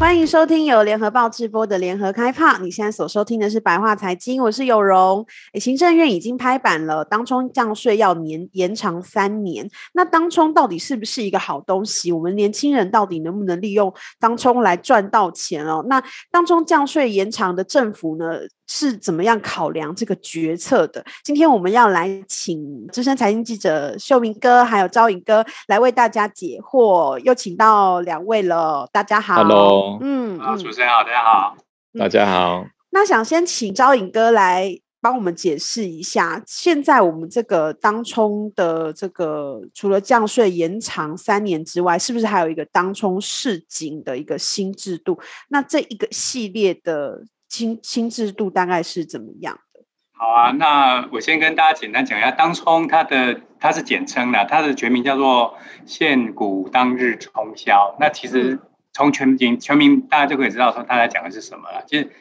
歡迎收聽由聯合報直播的聯合開趴。你現在所收聽的是白話財經，我是有容。哎，行政院已經拍板了，當沖降稅要延延長三年。那當沖到底是不是一個好東西？我們年輕人到底能不能利用當沖來賺到錢哦？那當沖降稅延長的政府呢？是怎麼樣考量這個決策的？今天我們要來請資深財經記者秀明哥，還有昭穎哥來為大家解惑，又請到兩位了。大家好，Hello，嗯，Hello. 嗯，主持人好，大家好，嗯嗯、大家好、嗯。那想先請昭穎哥來幫我們解釋一下，現在我們這個當沖的這個，除了降稅延長三年之外，是不是還有一個當沖示警的一個新制度？那這一個系列的。新新制度大概是怎麼樣的？好啊，嗯、那我先跟大家簡單講一下，當沖它的它是簡稱的，它的全名叫做現股當日沖銷。那其實從全、嗯、全名全名，大家就可以知道說，它在講的是什麼了。就是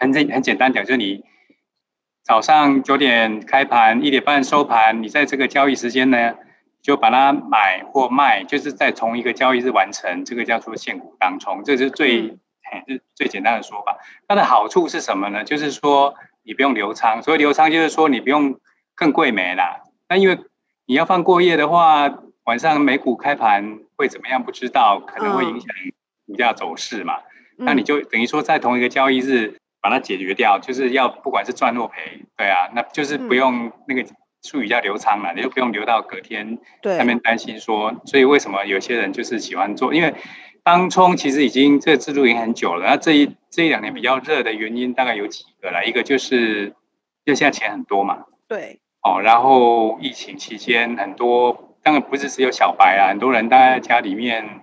很簡很簡單講，就是你早上九點開盤，一點半收盤，嗯、你在這個交易時間呢，就把它買或賣，就是在同一個交易日完成，這個叫做現股當沖這個，是最。嗯嗯、是最簡單的說法。它的好處是什麼呢？就是說你不用留倉，所以留倉就是說你不用更貴沒了。那因為你要放過夜的話，晚上美股開盤會怎麼樣？不知道，可能會影響股價走勢嘛。嗯、那你就等於說在同一個交易日把它解決掉，嗯、就是要不管是賺或賠，對啊，那就是不用那個術語叫留倉了，嗯、你就不用留到隔天對，他們擔心說。對所以為什麼有些人就是喜歡做？因為當沖其實已經這制度已經很久了，那這一這一兩年比較熱的原因大概有幾個啦，一個就是，因為現在錢很多嘛，對，哦，然後疫情期間很多，當然不是只有小白啊，很多人待在家裡面，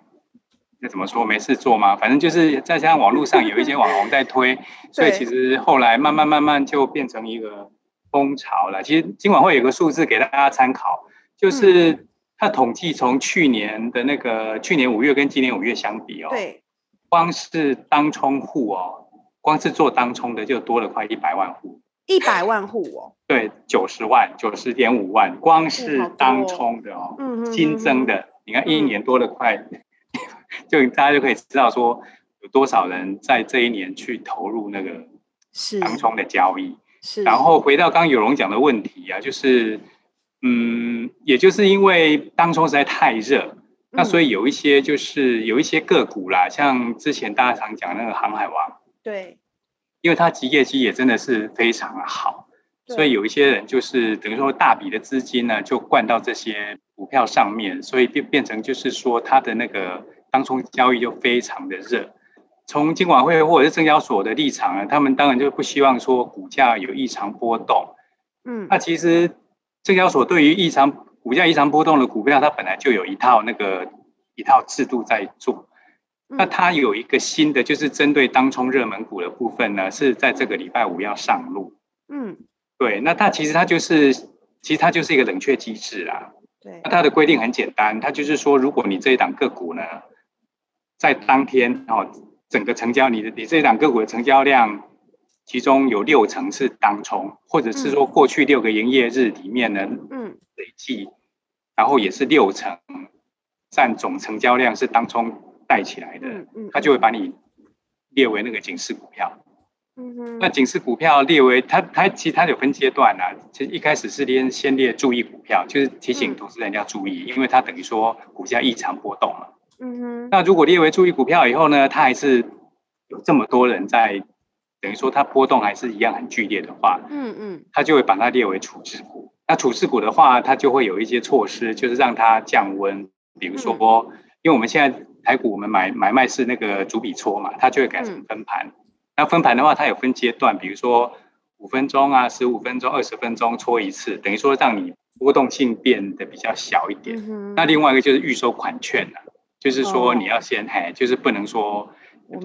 那怎麼說沒事做嘛，反正就是再加上網絡上有一些網紅在推， 對所以其實後來慢慢慢慢就變成一個風潮了。其實今晚會有個數字給大家參考，就是。嗯他統計從去年的那個去年五月跟今年五月相比哦，對，光是當沖戶哦，光是做當沖的就多了快一百萬戶，一百萬戶哦，對，九十萬，九十點五萬，光是當沖的哦，新、哦、增的，嗯、哼哼哼你看一年多了快，嗯、 就大家就可以知道說有多少人在這一年去投入那個是當沖的交易，是，是然後回到剛,剛有容講的問題啊，就是。嗯，也就是因為當沖實在太熱，嗯、那所以有一些就是有一些個股啦，像之前大家常講那個航海王，對，因為它其業績也真的是非常好，對所以有一些人就是等於說，大筆的資金呢就灌到這些股票上面，所以變變成就是說它的那個當沖交易就非常的熱。從金管會或者是證交所的立場啊，他們當然就不希望說股價有異常波動。嗯，那其實。證交所對於異常股價異常波動的股票，它本來就有一套那個一套制度在做。嗯、那它有一個新的，就是針對當沖熱門股的部分呢，是在這個禮拜五要上路。嗯，對。那它其實它就是其實它就是一個冷卻機制啊。對。那它的規定很簡單，它就是說，如果你這一檔個股呢，在當天哦整個成交，你的你這一檔個股的成交量。其中有六成是當沖，或者是說過去六個營業日裡面的累計，嗯、然後也是六成佔總成交量是當沖帶起來的，嗯嗯嗯、他就會把你列為那個警示股票。嗯、哼那警示股票列為它，它其實它有分階段啊，其實一開始是先先列注意股票，就是提醒投資人要注意，嗯、因為它等於說股價異常波動嘛。嗯、哼那如果列為注意股票以後呢，它還是有這麼多人在。等於說它波動還是一樣很劇烈的話，嗯嗯，嗯它就會把它列為處置股。那處置股的話，它就會有一些措施，就是讓它降溫。比如說,說，嗯、因為我們現在台股，我們買買賣是那個逐筆撮嘛，它就會改成分盤。嗯、那分盤的話，它有分階段，比如說五分鐘啊、十五分鐘、二十分鐘撮一次，等於說讓你波動性變得比較小一點。嗯、那另外一個就是預收款券、啊、就是說你要先哎、哦，就是不能說。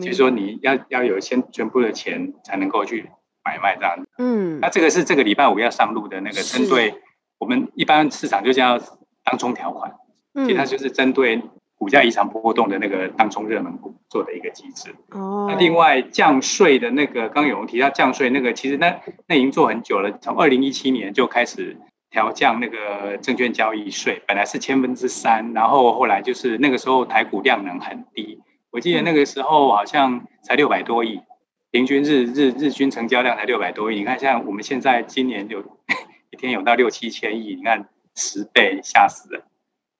比如說你要要有先全部的錢才能夠去買賣這樣的，嗯，那這個是這個禮拜五要上路的那個，針對我們一般市場就叫當沖條款，其實它就是針對股價異常波動的那個當沖熱門股做的一個機制。哦，那另外降稅的那個，剛剛有人提到降稅那個，其實那那已經做很久了，從二零一七年就開始調降那個證券交易稅，本來是千分之三，然後後來就是那個時候台股量能很低。我記得那個時候好像才六百多億，平均日日日均成交量才六百多億。你看，像我們現在今年有，一天有到六七千億，你看十倍嚇死人。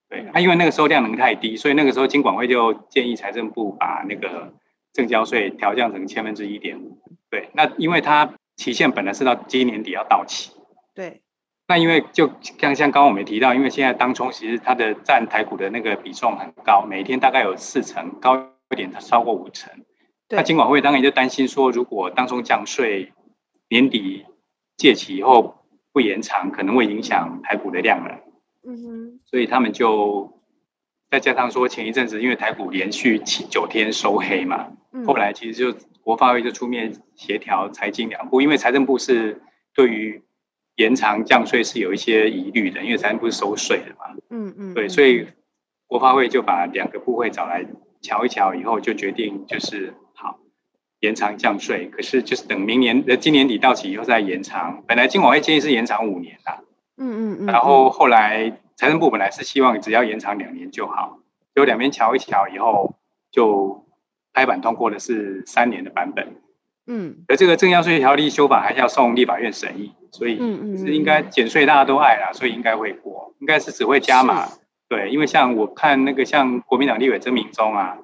對，那、嗯啊、因為那個時候量能太低，所以那個時候金管會就建議財政部把那個證交稅調降成千分之一點五。對，那因為它期限本來是到今年底要到期。對，那因為就像像剛剛我們提到，因為現在當沖其實它的占台股的那個比重很高，每天大概有四成高。有點它超過五成，那金對管會當然就擔心說，如果當沖降稅年底屆期以後不延長，可能會影響台股的量了。嗯哼，所以他們就再加上說，前一陣子因為台股連續七九天收黑嘛，嗯、後來其實就國發會就出面協調財經兩部，因為財政部是對於延長降稅是有一些疑慮的，因為財政部是收稅的嘛。嗯，嗯嗯，對，所以國發會就把兩個部會找來。瞧一瞧以後就決定，就是好，延長降稅，可是就是等明年呃今年底到期以後再延長。本來金管會建議是延長五年啦，嗯嗯嗯。嗯嗯然後後來財政部本來是希望只要延長兩年就好，就兩邊瞧一瞧以後就拍板通過的是三年的版本。嗯。而這個證交稅條例修法還要送立法院審議，所以是應該減稅大家都愛啦，所以應該會過，應該是只會加碼。對，因為像我看那個像國民黨立委曾銘宗啊，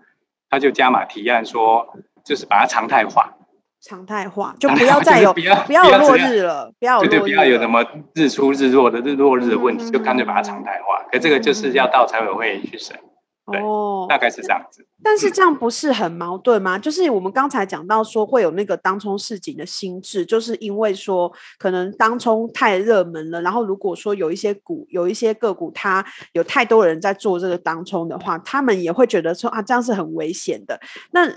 他就加碼提案說，就是把它常態化，常態化就不要再有 不要不要落日了，不要落日了，對對，不要有什麼日出日落的日落日的問題，嗯嗯就乾脆把它常態化。嗯嗯可這個就是要到財委會,會去審。嗯嗯嗯對哦，大概是這樣子。但是，但是這樣不是很矛盾嗎？嗯、就是我們剛才講到說會有那個當沖示警的機制，就是因為說可能當沖太熱門了，然後如果說有一些股、有一些個股，它有太多人在做這個當沖的話，他們也會覺得說啊，這樣是很危險的。那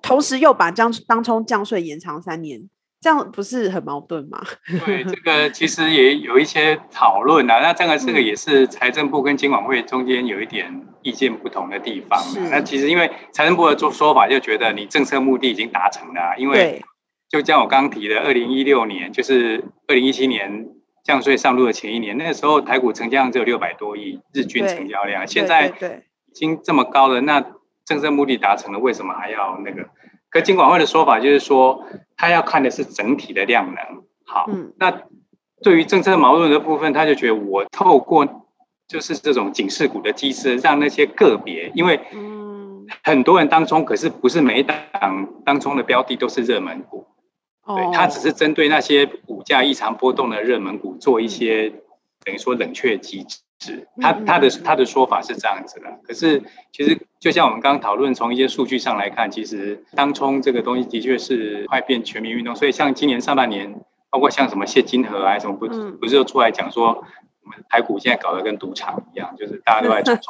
同時又把將當沖降稅延長三年。這樣不是很矛盾嗎？對，這個其實也有一些討論啊。 那這個這個也是財政部跟金管會中間有一點意見不同的地方。是那其實因為財政部的說說法，就覺得你政策目的已經達成了啊，對因為就像我剛提的2016年，二零一六年，就是二零一七年降稅上路的前一年，那時候台股成交量只有六百多億日均成交量，對現在已經這麼高了，那政策目的達成了，為什麼還要那個？可金管會的說法就是說，他要看的是整體的量能。好，嗯、那對於政策矛盾的部分，他就覺得我透過就是這種警示股的機制，讓那些個別，因為很多人當中可是不是每一檔當中的標的都是熱門股，嗯、對，他只是針對那些股價異常波動的熱門股做一些、嗯、等於說冷卻機制。他他的他的說法是這樣子的，可是其實就像我們剛剛討論，從一些數據上來看，其實當沖這個東西的確是快變全民運動，所以像今年上半年，包括像什麼謝金河啊，什麼不不是又出來講說，我們台股現在搞得跟賭場一樣，就是大家都在沖。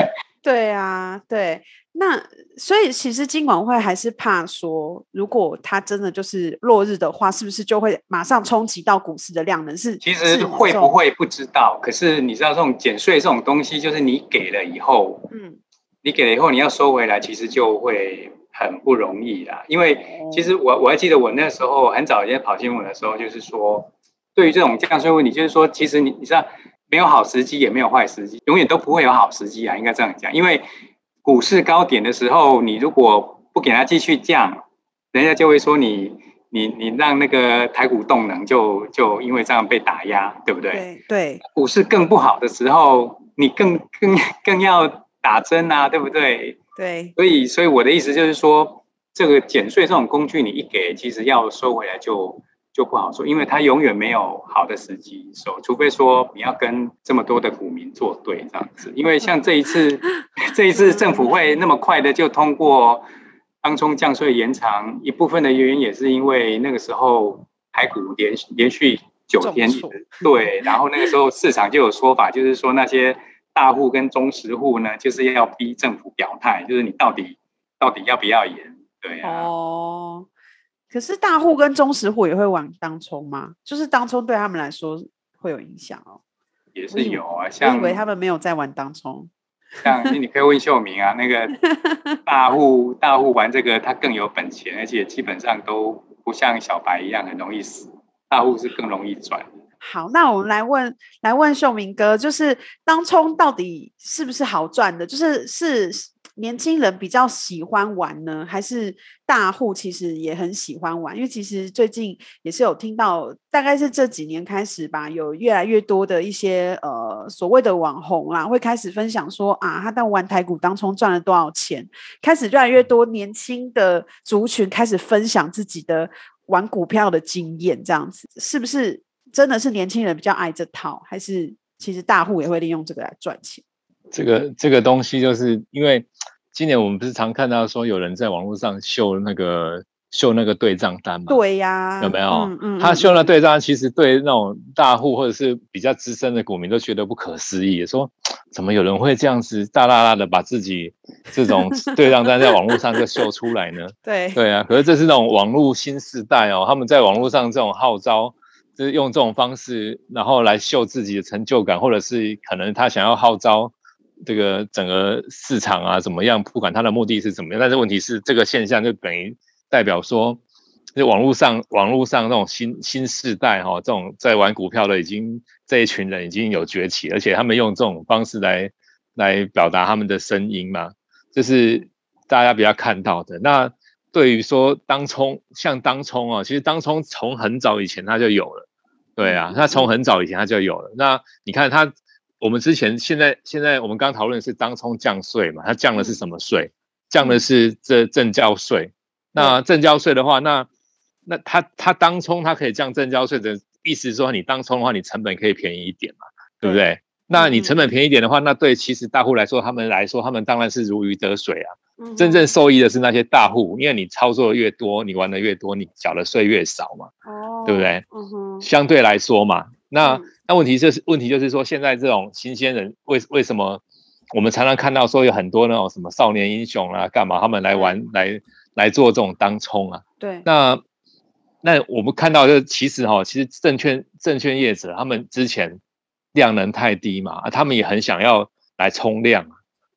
對啊，對，那所以其實金管會還是怕說，如果它真的就是落日的話，是不是就會馬上衝擊到股市的量能是？是其實會不會不知道？可是你知道這種減稅這種東西，就是你給了以後，嗯，你給了以後你要收回來，其實就會很不容易啦。因為其實我我還記得我那時候很早以前跑新聞的時候，就是說對於這種降稅問題，就是說其實你你知道。沒有好時機，也沒有壞時機，永遠都不會有好時機啊！應該這樣講，因為股市高點的時候，你如果不給它繼續降，人家就會說你你你讓那個台股動能就就因為這樣被打壓，對不對？對。對。股市更不好的時候，你更更更要打針啊，對不對？對。所以所以我的意思就是說，對這個減稅這種工具，你一給，其實要收回來就。就不好說，因為他永遠沒有好的時機說，所以除非說你要跟這麼多的股民作對這樣子。因為像這一次， 這一次政府會那麼快的就通過，當沖降稅延長一部分的原因，也是因為那個時候台股連續連續九天，對，正數 然後那個時候市場就有說法， 就是說那些大戶跟中實戶呢，就是要逼政府表態，就是你到底到底要不要延，對呀、啊。哦。Oh. 可是大戶跟中實戶也會玩當沖嗎？就是當沖對他們來說會有影響哦。也是有啊，像我以為他們沒有在玩當沖。像，你可以問秀明啊， 那個大戶，大戶玩這個他更有本錢，而且基本上都不像小白一樣很容易死，大戶是更容易賺。好，那我們來問來問秀明哥，就是當沖到底是不是好賺的？就是是。年輕人比較喜歡玩呢，還是大戶其實也很喜歡玩？因為其實最近也是有聽到，大概是這幾年開始吧，有越來越多的一些呃所謂的網紅啦，會開始分享說啊，他在玩台股當沖賺了多少錢，開始越來越多年輕的族群開始分享自己的玩股票的經驗，這樣子是不是真的是年輕人比較愛這套，還是其實大戶也會利用這個來賺錢？這個這個東西就是因為今年我們不是常看到說有人在網絡上秀那個秀那個對賬單嘛？對呀、啊，有沒有？嗯嗯，嗯他秀那對賬單，其實對那種大戶或者是比較資深的股民都覺得不可思議，說怎麼有人會這樣子大大大的把自己這種對賬單在網絡上就秀出來呢？ 對對啊，可是這是那種網絡新世代哦，他們在網絡上這種號召，就是用這種方式，然後來秀自己的成就感，或者是可能他想要號召。這個整個市場啊，怎麼樣，不管它的目的是怎麼樣？但是問題是，這個現象就等於代表說，這網絡上、網絡上那種新新世代哈、哦，這種在玩股票的已經這一群人已經有崛起，而且他們用這種方式來來表達他們的聲音嘛，這是大家比較看到的。那對於說當沖像當沖啊，其實當沖從很早以前它就有了，對啊，它從很早以前它就有了。那你看它。我們之前現在現在我們剛討論是當沖降稅嘛？它降的是什麼稅？嗯、降的是這證交稅。嗯、那證交稅的話，那那他他當沖，他可以降證交稅的，意思是說你當沖的話，你成本可以便宜一點嘛，對，對不對？嗯、那你成本便宜一點的話，那對其實大戶來說，他們來說，他們當然是如魚得水啊。真正受益的是那些大戶，嗯、哼因為你操作越多，你玩的越多，你繳的稅越少嘛，哦，對不對？嗯、哼相對來說嘛。那那問題就是問題就是說，現在這種新鮮人為為什麼我們常常看到說有很多那種什麼少年英雄啊，幹嘛他們來玩、嗯、來來做這種當沖啊？對，那那我們看到就其實哈、哦，其實證券證券業者他們之前量能太低嘛，啊、他們也很想要來沖量啊。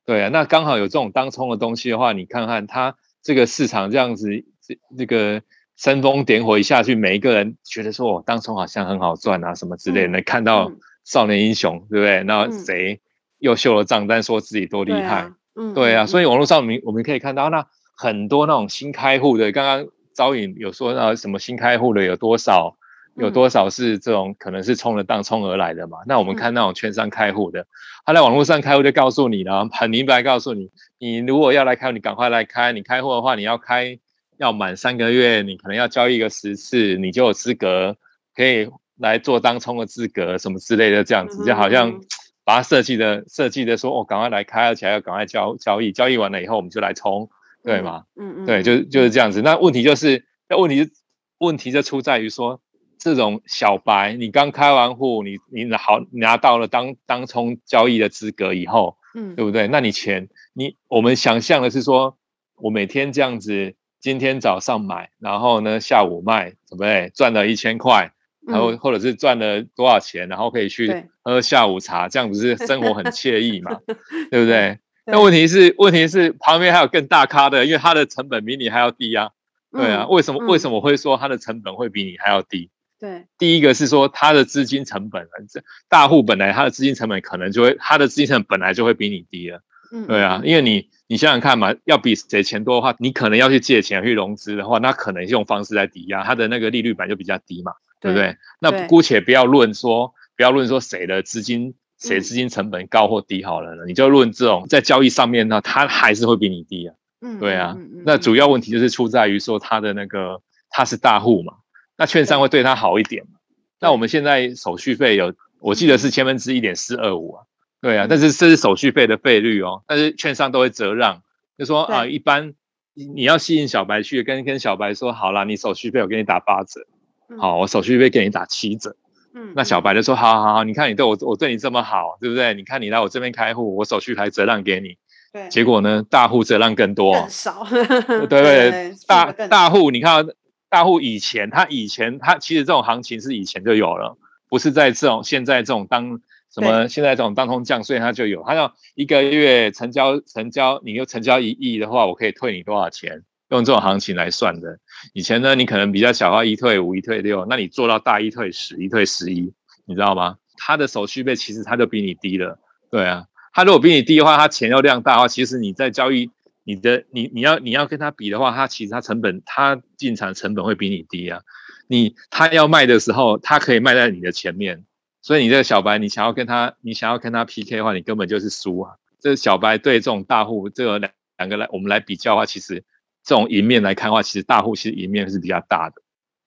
對啊，那剛好有這種當沖的東西的話，你看看它這個市場這樣子這這個。煽風點火一下去，每一個人覺得說，我、哦、當沖好像很好賺啊，什麼之類的。嗯嗯、看到少年英雄，對不對？嗯、那誰又秀了賬單，說自己多厲害？嗯，嗯對啊。嗯、所以網絡上，我們我們可以看到，那很多那種新開戶的，剛剛昭穎有說，那什麼新開戶的有多少？有多少是這種、嗯、可能是衝着當沖而來的嘛？那我們看那種券商開戶的，他在網絡上開戶就告訴你了，然後很明白告訴你，你如果要來開戶，你趕快來開。你開戶的話，你要開。要滿三個月，你可能要交易一個十次，你就有資格可以來做當沖的資格什麼之類的，這樣子就好像把它設計的、設計的說，我、哦、趕快來開起來，而且要趕快交交易，交易完了以後我們就來沖對嗎？嗯嗯，嗯對，就是就是這樣子。那問題就是，那問題問題就出在於說，這種小白，你剛開完戶，你你好拿，拿到了當當沖交易的資格以後，嗯、對不對？那你錢，你我們想象的是說，我每天這樣子。今天早上買，然後呢，下午賣，準備賺了一千塊，然後或者是賺了多少錢，嗯、然後可以去喝下午茶，對這樣不是生活很愜意嘛？ 對不對？對但問題是，問題是旁邊還有更大咖的，因為他的成本比你還要低啊。對啊，嗯、為什麼、嗯、為什麼會說他的成本會比你還要低？對，第一個是說他的資金成本這大戶本來他的資金成本可能就會，他的資金成本本本來就會比你低了。嗯，對啊，嗯、因為你。你想想看嘛，要比誰錢多的話，你可能要去借錢去融資的話，那可能是用方式來抵押，它的那個利率本來就比較低嘛，對，對不對？對，那姑且不要論說，不要論說誰的資金，嗯、誰資金成本高或低好了呢，你就論這種在交易上面呢，它還是會比你低啊。嗯，對啊。嗯嗯、那主要問題就是出在於說他的那個他是大戶嘛，那券商會對他好一點嘛。對那我們現在手續費有，我記得是千分之一點四二五啊。嗯對啊，但是這是手續費的費率哦。但是券商都會折讓，就說啊對、呃，一般你要吸引小白去，跟跟小白說，好啦，你手續費我給你打八折，好，嗯、我手續費給你打七折。嗯、那小白就說，好好好，你看你對我，我對你這麼好，對不對？你看你來我這邊開戶，我手續費還折讓給你。對結果呢，大戶折讓更多，啊。更少， 對對， 對對對大大戶，你看大戶以前他以前他其實這種行情是以前就有了，不是在這種現在這種當。什麼？現在這種當沖降稅，它就有。對它要一個月成交成交，你又成交一億的話，我可以退你多少錢？用這種行情來算的。以前呢，你可能比較小的話，話一退五，一退六，那你做到大一退十，一退十一，你知道嗎？它的手續費其實它就比你低了。對啊，它如果比你低的話，它錢要量大的話，其實你在交易你的你你要你要跟它比的話，它其實它成本它進場成本會比你低啊。你它要賣的時候，它可以賣在你的前面。所以你這個小白，你想要跟他，你想要跟他 PK 的話，你根本就是輸啊！這小白對這種大戶，這兩兩個來我們來比較的話，其實這種贏面來看的話，其實大戶其實贏面是比較大的。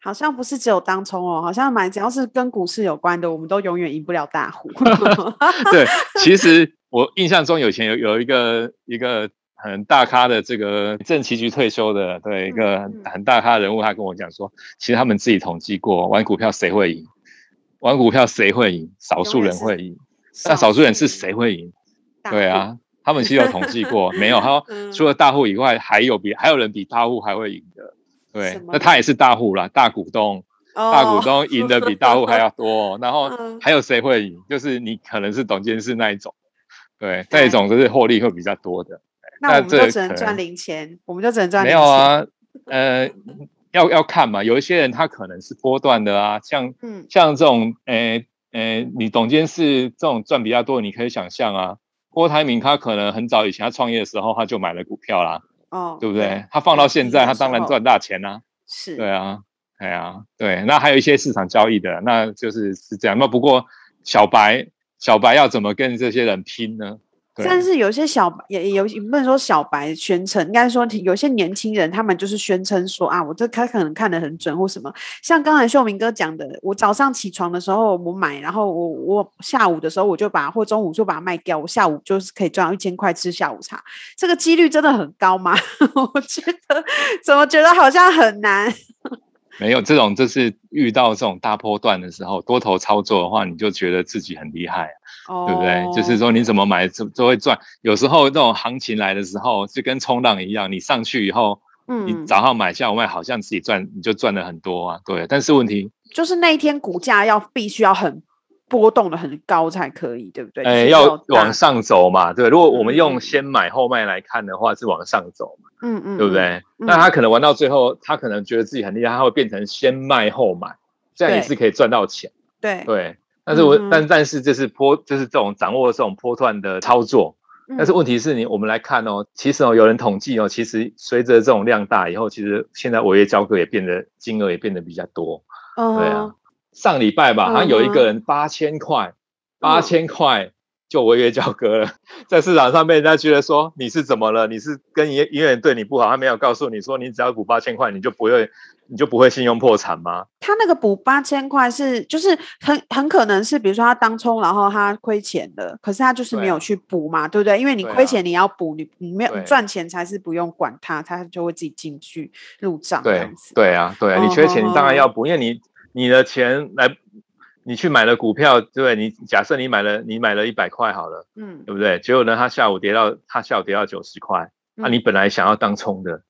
好像不是只有當沖哦，好像蠻只要是跟股市有關的，我們都永遠贏不了大戶。 對，其實我印象中以前有有一個一個很大咖的這個證期局退休的，對一個很，很大咖的人物，他跟我講說，其實他們自己統計過，玩股票誰會贏？玩股票誰會贏？少數人會贏。那少數人是誰會贏？對啊，他們是有統計過，沒有？他說除了大戶以外，還有比還有人比大戶還會贏的。對，那他也是大戶啦，大股東，大股東贏的比大戶還要多。然後還有誰會贏？就是你可能是董監事那一種，對，這一種就是獲利會比較多的。那我們就只能賺零錢，我們就只能賺零錢。沒有啊，呃。要要看嘛，有一些人他可能是波段的啊，像嗯像這種誒誒，你、欸欸、董監事這種賺比較多，你可以想象啊。郭台銘他可能很早以前他創業的時候他就買了股票啦，哦，對不對？他放到現在，他當然賺大錢啦、啊欸。是，對啊，哎呀、啊，對。那還有一些市場交易的，那就是是這樣，那不過小白小白要怎麼跟這些人拼呢？對但是有些小白也有，不能說小白宣稱，應該說有些年輕人他們就是宣稱說啊，我這他可能看得很準或什麼。像剛才秀明哥講的，我早上起床的時候我買，然後我我下午的時候我就把或中午就把它賣掉，我下午就是可以賺到一千塊吃下午茶。這個幾率真的很高嗎？我覺得怎麼覺得好像很難。沒有這種，就是遇到這種大波段的時候，多頭操作的話，你就覺得自己很厲害，啊、哦，對不對？就是說你怎麼買，怎麼都會賺。有時候這種行情來的時候，就跟衝浪一樣，你上去以後，嗯、你早上買下午賣，我好像自己賺，你就賺了很多啊。對，但是問題就是那一天股價要必須要很，波動的很高才可以，對不對？哎，要往上走嘛，對。如果我們用先買後賣來看的話，是往上走嘛，嗯嗯，嗯，對不對？嗯，那他可能玩到最後，他可能覺得自己很厲害，他會變成先賣後買，這樣也是可以賺到錢，對對。但是我但但是這是波，就是這種掌握這種波段的操作。嗯，但是問題是你我們來看哦，其實哦有人統計哦，其實隨着這種量大以後，其實現在違約交割也變得金額也變得比較多，哦，對啊。上禮拜吧，好像有一個人八千塊，八千塊就違約交割了，嗯、在市場上被人家覺得說你是怎麼了？你是跟一銀人對你不好？他沒有告訴你說，你只要補八千塊，你就不會，你就不會信用破產嗎？他那個補八千塊是，就是很很可能是，比如說他當沖然後他虧錢了，可是他就是沒有去補嘛，對,啊、對不對？因為你虧錢你要補，你你沒有賺、啊、錢才是不用管他，他就會自己進去入賬。對對啊，對啊，你缺錢你當然要補，嗯、因為你。你的錢來，你去買了股票，對不對？你假設你買了，你買了一百塊好了，嗯，對不對？結果呢，他下午跌到，他下午跌到九十塊，嗯、啊，你本來想要當沖的，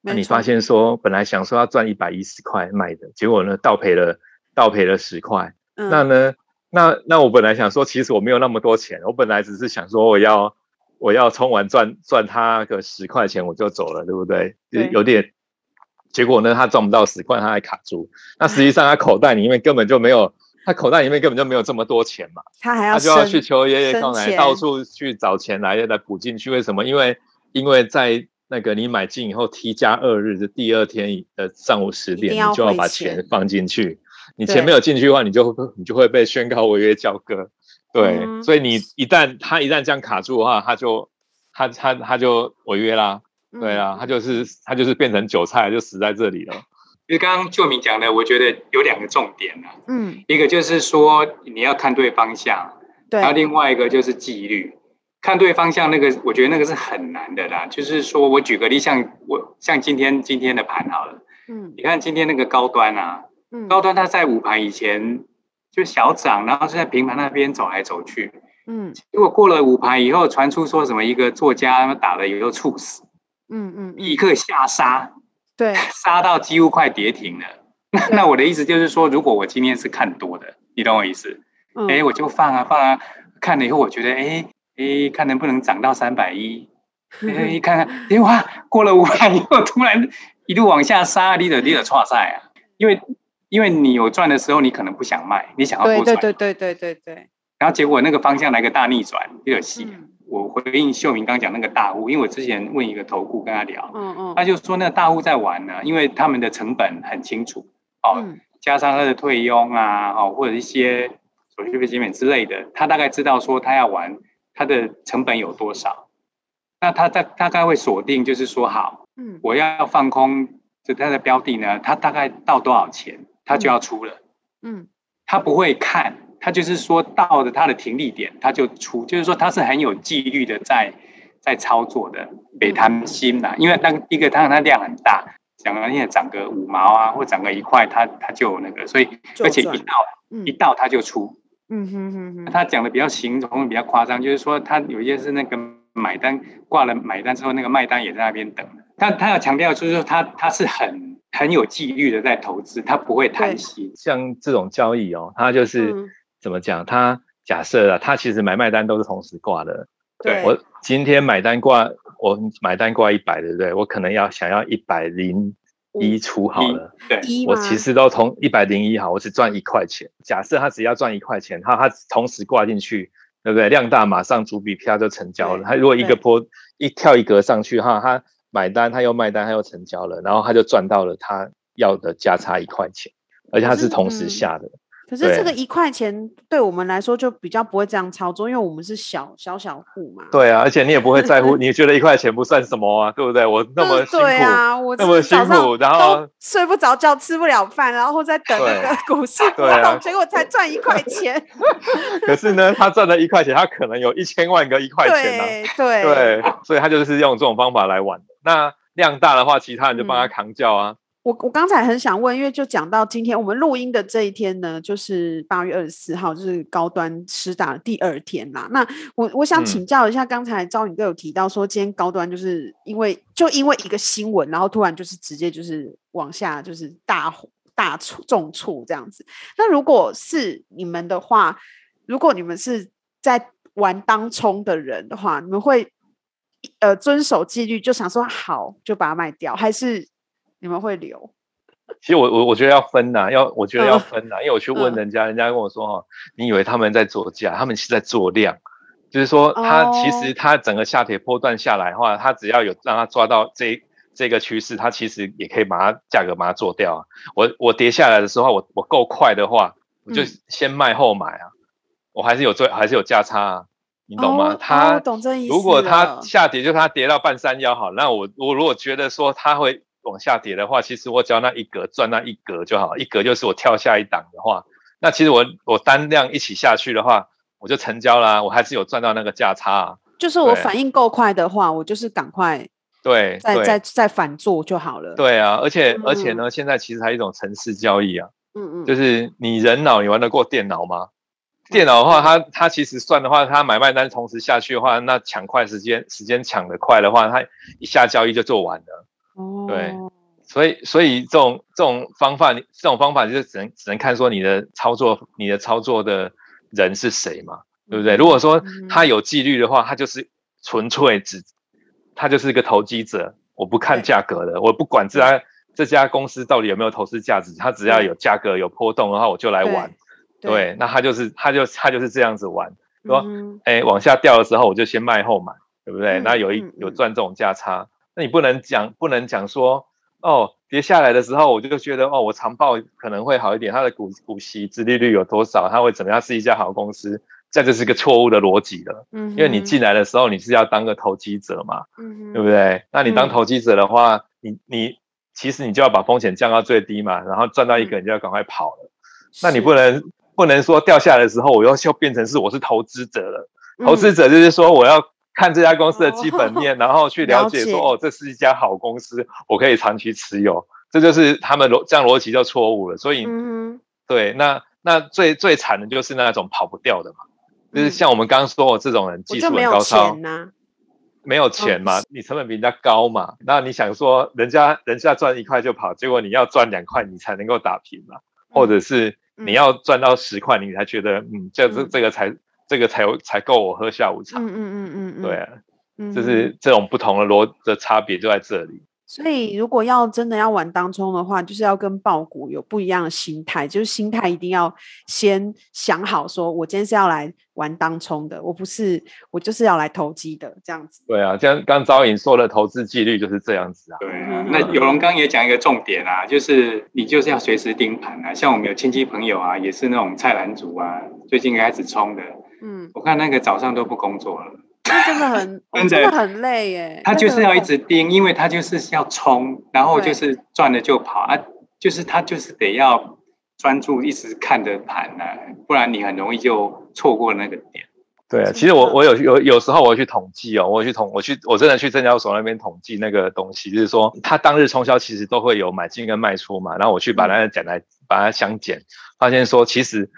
那、嗯啊、你發現說，本來想說要賺一百一十塊買的，嗯、結果呢，倒賠了，倒賠了十塊。嗯、那呢，那那我本來想說，其實我沒有那麼多錢，我本來只是想說，我要我要沖完賺賺他個十塊錢我就走了，對不對？有點。結果呢，他賺不到十塊，他還卡住。那實際上他口袋裡面根本就沒有，他口袋裡面根本就沒有這麼多錢嘛。他還要他就要去求爺爺告奶奶錢到處去找錢來來補進去。為什麼？因為因為在那個你買進以後 T 加二日，的第二天的上午十點要你就要把錢放進去。對你錢沒有進去的話，你就你就會被宣告違約交割。對，嗯，所以你一旦他一旦這樣卡住的話，他就他他他就違約啦。對啊，他就是他就是變成韭菜，就死在這裡了。就是剛剛秀明講的，我覺得有兩個重點啊。嗯，一個就是說你要看對方向，對，然後另外一個就是紀律。看對方向，那個我覺得那個是很難的啦。就是說我舉個例像，像我像今天今天的盤好了，嗯，你看今天那個高端啊，嗯，高端它在午盤以前就小漲，然後就在平盤那邊走來走去，嗯，如果過了午盤以後，傳出說什麼一個作家打了以後猝死。嗯嗯，立、嗯、刻下殺，對，殺到幾乎快跌停了。那,對那我的意思就是說，如果我今天是看多的，你懂我意思？哎、嗯欸，我就放啊放啊，看了以後我覺得，哎、欸、哎、欸，看能不能漲到三百一。你看看，哎、 欸，哇，過了五百以後突然一路往下殺，你的跌的超賽啊！因為因為你有賺的時候，你可能不想賣，你想要多賺。對對對對,對,對,對,對。然後結果那個方向來個大逆轉，又有點我回應秀明剛講那個大戶，因為我之前問一個投顧跟他聊，嗯嗯，他就說那個大戶在玩呢，因為他們的成本很清楚，嗯、哦，加上他的退佣啊，哦，或者一些手續費減免之類的，他大概知道說他要玩他的成本有多少，那他大大概會鎖定，就是說好，嗯，我要放空就他的標的呢，他大概到多少錢，他就要出了，嗯，嗯他不會看。他就是說到了他的停利點，他就出，就是說他是很有紀律的在在操作的，沒貪心吶。因為當一個他的量很大，講了也漲個五毛啊，或漲個一塊，他他就那個，所以算而且一到、嗯、一到他就出。嗯哼哼哼，他講的比較形容比較誇張，就是說他有一些是那個買單掛了買單之後，那個賣單也在那邊等。但他要強調就是說他他是很很有紀律的在投資，他不會貪心。像這種交易哦，他就是、嗯。怎麼講？他假設啊，他其實買賣單都是同時掛的。對，我今天買單掛，我買單掛一百，對不對？我可能要想要一百零一出好了。嗯嗯、對，我其實都從一百零一好，我只賺一塊錢。嗯、假設他只要賺一塊錢，他他同時掛進去，對不對？量大，馬上主筆票就成交了。對他如果一個波對一跳一格上去，哈，他買單，他又賣單，他又成交了，然後他就賺到了他要的價差一塊錢，而且他是同時下的。可是這個一塊錢對我們來說就比較不會這樣操作，因為我們是小小小戶嘛。對啊，而且你也不會在乎， 你覺得一塊錢不算什麼啊，對不對？我那麼辛苦，啊，我那麼辛苦，然後睡不着覺，吃不了飯，然後再等那個股市波動，啊、結果才賺一塊錢。 可是呢，他賺了一塊錢，他可能有一千萬個一塊錢呢、啊。對對，所以他就是用這種方法來玩。那量大的話，其他人就幫他扛轎啊。嗯我我剛才很想問，因為就講到今天我們錄音的這一天呢，就是八月二十四號，就是高端施打的第二天啦。那我我想請教一下，剛、嗯、才昭穎哥有提到說，今天高端就是因為就因為一個新聞，然後突然就是直接就是往下就是大火大重挫這樣子。那如果是你們的話，如果你們是在玩當沖的人的話，你們會呃遵守紀律，就想說好就把它賣掉，還是？你們會留？其實我我我覺得要分吶、啊，要我覺得要分吶、啊，呃、因為我去問人家，呃、人家跟我說哈、哦，你以為他們在做價，他們是在做量，就是說他其實他整個下跌波段下來的話，哦、他只要有讓他抓到這這個趨勢，他其實也可以把它價格把它做掉啊。我我跌下來的時候，我我夠快的話，我就先賣後買啊，嗯、我還是有賺，還是有價差，啊，你懂嗎？哦、他如果他下跌，就他跌到半山腰好，那我我如果覺得說他會。往下跌的話，其實我只要那一格賺那一格就好，一格就是我跳下一檔的話，那其實我我單量一起下去的話，我就成交啦、啊，我還是有賺到那個價差、啊。就是我反應夠快的話，對我就是趕快再對，再再再反做就好了。對啊，而且、嗯、而且呢，現在其實還有一種程式交易啊，嗯嗯，就是你人腦你玩得過電腦嗎？嗯嗯電腦的話，它它其實算的話，它買賣單同時下去的話，那搶快時間時間搶得快的話，它一下交易就做完了。Oh. 對，所以所以這種這種方法，這種方法就是只能只能看說你的操作，你的操作的人是誰嘛，對不對？Mm hmm. 如果說他有紀律的話，他就是純粹只，他就是一個投機者，我不看價格的，mm hmm. 我不管這家、mm hmm. 這家公司到底有沒有投資價值，他只要有價格、mm hmm. 有波動的話，我就來玩。Mm hmm. 對，那他就是他就他就是這樣子玩，說哎、欸、往下掉的時候，我就先賣後買，對不對？那、mm hmm. 有一有賺這種價差。Mm hmm. 那你不能講，不能講說，哦，跌下來的時候，我就覺得哦，我長抱可能會好一點。它的股股息、殖利率有多少？它會怎麼樣？是一家好公司？這就是一個錯誤的邏輯了。嗯哼，因為你進來的時候，你是要當個投機者嘛。嗯、哼對不對？那你當投機者的話，嗯、你你其實你就要把風險降到最低嘛，然後賺到一個，你就要趕快跑了。嗯、那你不能不能說掉下來的時候，我又又變成是我是投資者了？投資者就是說我要。看這家公司的基本面，哦、然後去了解說，解哦，這是一家好公司，我可以長期持有。這就是他們邏這樣邏輯就錯誤了。所以，嗯、哼對，那那最最慘的就是那種跑不掉的嘛，嗯、就是像我們剛剛說我這種人技術很高超，沒有，啊、沒有錢嘛，哦、你成本比人家高嘛，那你想說人家人家賺一塊就跑，結果你要賺兩塊你才能夠打平嘛，嗯、或者是你要賺到十塊你才覺得，嗯，這這、嗯、這個才。這個才有才夠我喝下午茶。嗯嗯嗯，嗯對啊，嗯嗯就是這種不同的邏的差別就在這裡。所以如果要真的要玩當沖的話，就是要跟抱股有不一樣的心態，就是心態一定要先想好，說我今天是要來玩當沖的，我不是我就是要來投機的這樣子。對啊，像剛昭穎說的投資紀律就是這樣子啊。對啊，那有容剛也講一個重點啊，就是你就是要隨時盯盤啊。像我們有親戚朋友啊，也是那種菜籃族啊，最近開始沖的。嗯，我看那個早上都不工作了，嗯，真的很 真的真的很累耶。他就是要一直盯，因為他就是要衝，然後就是賺了就跑，對啊，就是他就是得要專注一直看着盤呢，啊，不然你很容易就錯過那個點。對，啊，其實我我有有有時候我去統計哦，我去統我去我真的去證交所那邊統計那個東西，就是說他當日沖銷其實都會有買進跟賣出嘛，然後我去把它減來把它相減，發現說其實。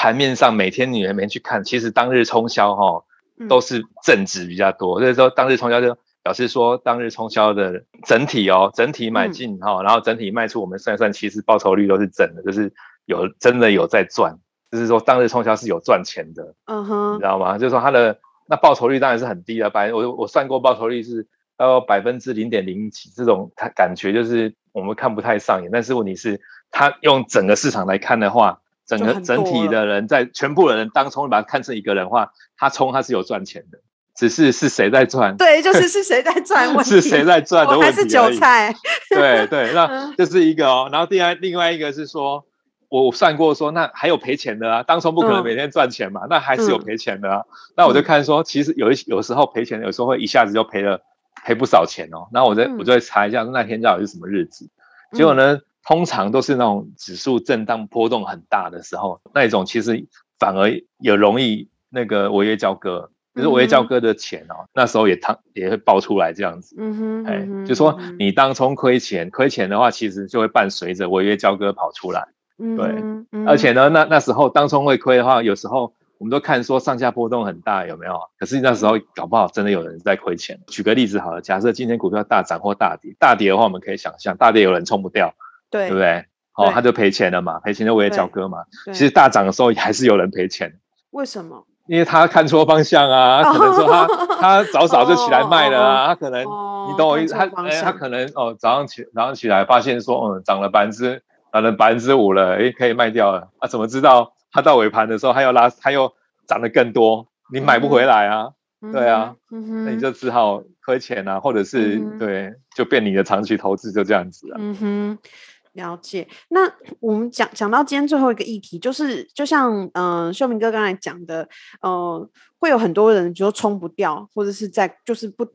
盤面上每天，你們沒去看，其實當日沖銷哈、哦、都是正值比較多，所以、嗯、說當日沖銷就表示說，當日沖銷的整體哦，整體買進哈、哦，嗯、然後整體賣出，我們算一算，其實報酬率都是正的，就是有真的有在賺，就是說當日沖銷是有賺錢的，嗯哼，你知道嗎？就是說他的那報酬率當然是很低的，我我算過報酬率是呃百分之零點零幾，這種感覺就是我們看不太上眼，但是問題是他用整個市場來看的話。整個整體的人在全部的人當沖把它看成一個人的話，他沖他是有賺錢的，只是是誰在賺？對，就是是誰在賺？ 是誰在賺的還是韭菜 對對，那這是一個哦。然後第二，另外一個是說，我算過說，那還有賠錢的啊。當沖不可能每天賺錢嘛，嗯、那還是有賠錢的啊。嗯、那我就看說，其實有一有時候賠錢，有時候會一下子就賠了賠不少錢哦。那我在、嗯、我就會查一下那天到底是什麼日子，結果呢？嗯通常都是那種指數震盪波動很大的時候，那一種其實反而也容易那個違約交割，就是違約交割的錢哦，嗯、那時候也它也會爆出來這樣子。嗯哼，哎，嗯、哼就說你當沖虧錢，虧錢的話，其實就會伴隨着違約交割跑出來。嗯，對，嗯嗯、而且呢，那那時候當沖會虧的話，有時候我們都看說上下波動很大有沒有？可是那時候搞不好真的有人在虧錢。舉個例子好了，假設今天股票大漲或大跌，大跌的話我們可以想象大跌有人沖不掉。對，對不對？哦，他就賠錢了嘛，賠錢就我也交割嘛。其實大漲的時候也還是有人賠錢。為什麼？因為他看錯方向啊，可能說他他早早就起來賣了啊，他可能你懂我意思，他他可能哦早上起早上起來發現說哦漲了百分之漲了百分之五了，哎可以賣掉了啊。怎麼知道他到尾盤的時候他又拉他又漲了更多，你買不回來啊。對啊，那你就只好虧錢啊，或者是對，就變你的長期投資就這樣子啊。嗯哼。了解，那我們講講到今天最後一個議題，就是就像嗯、呃，秀明哥剛才講的，呃，會有很多人就沖不掉，或者是在就是不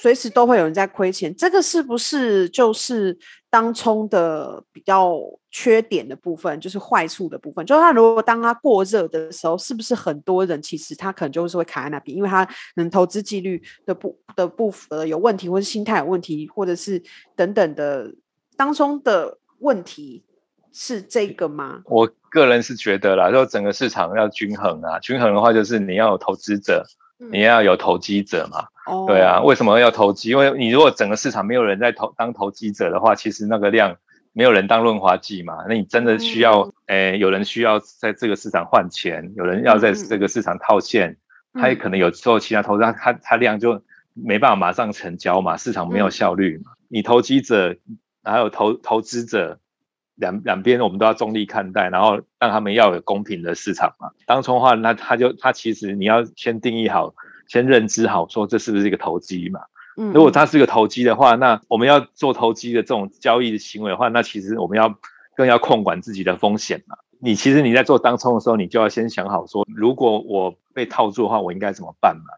隨時都會有人在虧錢，這個是不是就是當沖的比較缺點的部分，就是壞處的部分？就是他如果當他過熱的時候，是不是很多人其實他可能就是會卡在那邊，因為他可能投資紀律的不的不呃有問題，或者心態有問題，或者是等等的當沖的。問題是這個嗎？我個人是覺得啦，就整個市場要均衡啊，均衡的話就是你要有投資者，嗯、你要有投機者嘛。哦、對啊，為什麼要投機？因為你如果整個市場沒有人在投當投機者的話，其實那個量沒有人當潤滑劑嘛。那你真的需要，誒、嗯嗯欸，有人需要在這個市場換錢，有人要在這個市場套現，嗯嗯他也可能有時候其他投資他他他量就沒辦法馬上成交嘛，市場沒有效率嘛。嗯、你投機者。然後還有投投資者，兩兩邊我們都要中立看待，然後讓他們要有公平的市場嘛。當沖的話，那他就他其實你要先定義好，先認知好，說這是不是一個投機嘛？如果它是個投機的話，那我們要做投機的這種交易的行為的話，那其實我們要更要控管自己的風險嘛。你其實你在做當沖的時候，你就要先想好說，如果我被套住的話，我應該怎麼辦嘛？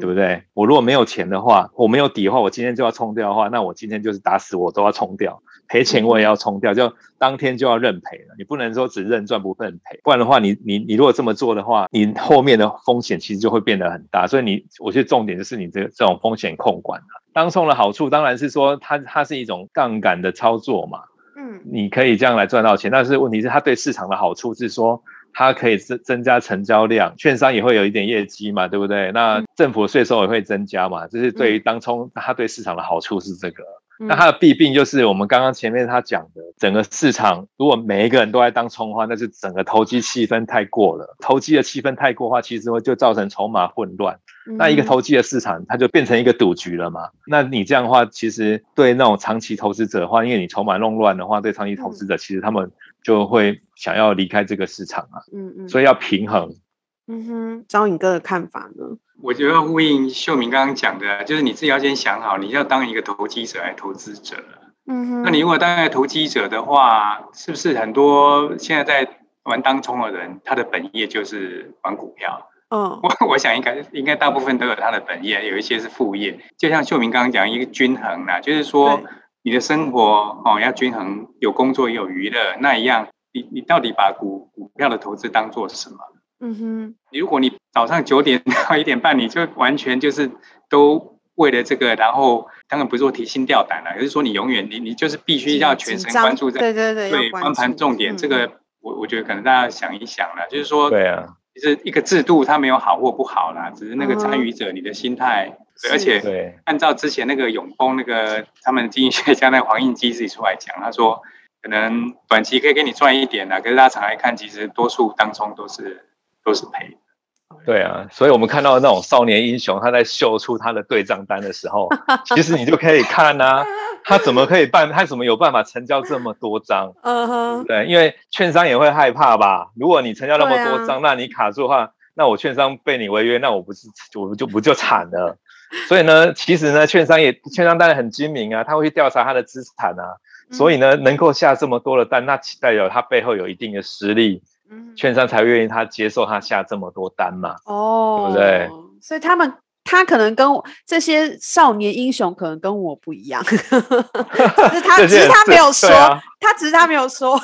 對不對？我如果沒有錢的話，我沒有底的話，我今天就要沖掉的話，那我今天就是打死我，我都要沖掉，賠錢我也要沖掉，就當天就要認賠了。你不能說只認賺不認賠，不然的話你，你你你如果這麼做的話，你後面的風險其實就會變得很大。所以你，你我覺得重點就是你這這種風險控管啊。當沖的好處當然是說它，它它是一種槓桿的操作嘛，嗯，你可以這樣來賺到錢。但是問題是它對市場的好處是說。它可以增增加成交量，券商也會有一點業績嘛，對不對？那政府稅收也會增加嘛，嗯、就是對於當沖，它對市場的好處是這個。嗯、那它的弊病就是我們剛剛前面他講的，整個市場如果每一個人都在當沖的話，那就整個投機氣氛太過了，投機的氣氛太過的話，其實會就造成籌碼混亂。嗯、那一個投機的市場，它就變成一個賭局了嘛。那你這樣的話，其實對那種長期投資者的話，因為你籌碼弄亂的話，對長期投資者其實他們。嗯就會想要離開這個市場啊，嗯嗯，所以要平衡，嗯哼，昭穎哥的看法呢？我覺得呼應秀明剛剛講的，就是你自己要先想好，你要當一個投機者還是投資者？嗯哼，那你如果當一個投機者的話，是不是很多現在在玩當沖的人，他的本業就是玩股票？嗯、哦，我我想應該應該大部分都有他的本業，有一些是副業，就像秀明剛剛講一個均衡啊，就是說。你的生活哦要均衡，有工作也有娛樂，那一樣，你你到底把股股票的投資當做什麼？嗯哼，你如果你早上九點到一點半，你就完全就是都為了這個，然後當然不是說提心吊膽了，而是說你永遠你你就是必須要全神貫注在對,對,對,對關盤重點。嗯、這個我我覺得可能大家想一想了，嗯、就是說，對啊，就是一個制度，它沒有好或不好啦，只是那個參與者、嗯、哼你的心態。對，而且按照之前那個永豐那個他們經濟學家那個黃蔭基自己出來講，他說可能短期可以給你賺一點吶、啊，可是拉長來看，其實多數當中都是都是賠的對啊，所以我們看到那種少年英雄他在秀出他的對賬單的時候，其實你就可以看吶、啊，他怎麼可以辦，他怎麼有辦法成交這麼多張？嗯，對，因為券商也會害怕吧？如果你成交那麼多張，那你卡住的話，那我券商被你違約，那我不是我就，我就不就慘了？所以呢，其實呢，券商也，券商當然很精明啊，他會去調查他的資產啊。所以呢，能夠下這麼多的單，那代表他背後有一定的實力，券商才願意他接受他下這麼多單嘛。哦，對不對？所以他們，他可能跟我這些少年英雄可能跟我不一樣。他其實他沒有說，他只是他沒有說，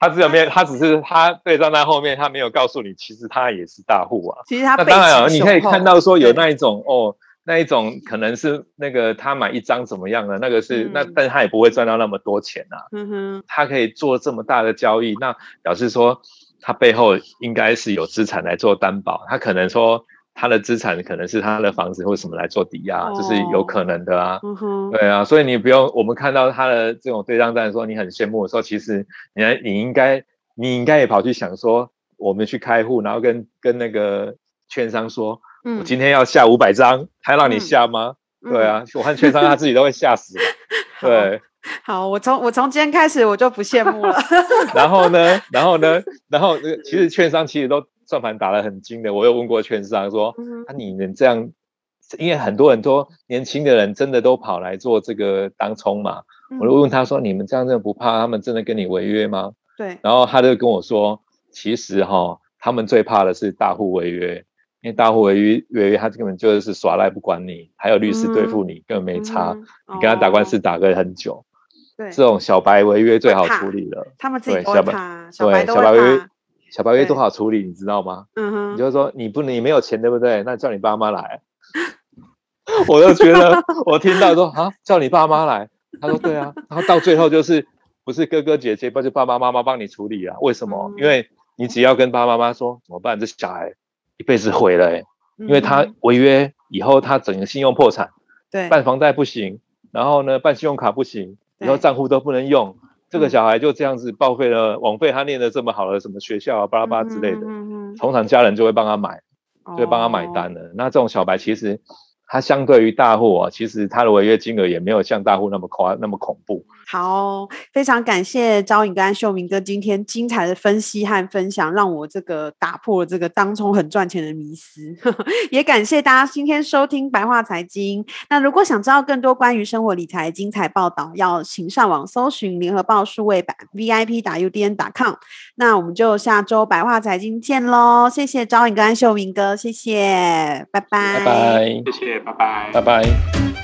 他只有沒有，他只是他對站在後面，他沒有告訴你，其實他也是大戶啊。其實他，那當然你可以看到說有那一種哦。那一種可能是那個他買一張怎麼樣呢？那個是、嗯、那，但他也不會賺到那麼多錢吶、啊。嗯哼，他可以做這麼大的交易，那表示說他背後應該是有資產來做擔保。他可能說他的資產可能是他的房子或什麼來做抵押、啊，就、哦、是有可能的啊。嗯哼，對啊，所以你不用我們看到他的這種對賬單說你很羨慕說，其實你你應該你應該也跑去想說我們去開戶，然後跟跟那個券商說。我今天要下五百張，嗯、還讓你下嗎？嗯、對啊，嗯、我看券商他自己都會嚇死。嗯、對，好，好，我從我從今天開始，我就不羨慕了。 然後呢？然後呢？就是、然後其實券商其實都算盤打得很精的。我又問過券商說：“嗯、啊，你們這樣，因為很多很多年輕的人真的都跑來做這個當沖嘛。”我就問他說：“嗯、你們這樣真的不怕他們真的跟你違約嗎？”對。然後他就跟我說：“其實哈，他們最怕的是大戶違約。”因為大戶違約，違約他根本就是耍賴不管你。還有律師對付你，嗯、哼根本沒差，嗯、哼你跟他打官司打個很久。哦、對，這種小白違約最好處理了。他，他們自己拖卡，對小白違約，小白違約都，都好處理，對你知道嗎？嗯、哼你就說你不你沒有錢，對不對？那叫你爸媽來。 我就覺得我聽到說啊，叫你爸媽來，他說對啊，然後到最後就是不是哥哥姐姐，不、就是爸爸媽媽幫你處理啊？為什麼？嗯、因為你只要跟爸爸媽媽說、嗯、怎麼辦，這小孩、欸。一輩子毀了誒，因為他違約以後，他整個信用破產，嗯、辦房貸不行，然後呢，辦信用卡不行，對然後賬戶都不能用，嗯、這個小孩就這樣子報廢了。枉費他念得這麼好的什麼學校啊，巴拉巴拉之類的，通常、嗯嗯嗯嗯、家人就會幫他買，就會幫他買單了。哦、那這種小白其實，他相對於大戶啊，其實他的違約金額也沒有像大戶那麼誇那麼恐怖。好，非常感謝昭穎跟秀明哥今天精彩的分析和分享，讓我這個打破了這個當沖很賺錢的迷思。 也感謝大家今天收聽白話財經。那如果想知道更多關於生活理財精彩報道，要請上網搜尋聯合報數位版 VIP 打 UDN 打 COM。那我們就下周白話財經見嘍！謝謝昭穎跟秀明哥，謝謝，拜拜，拜拜，謝謝，拜拜，拜拜。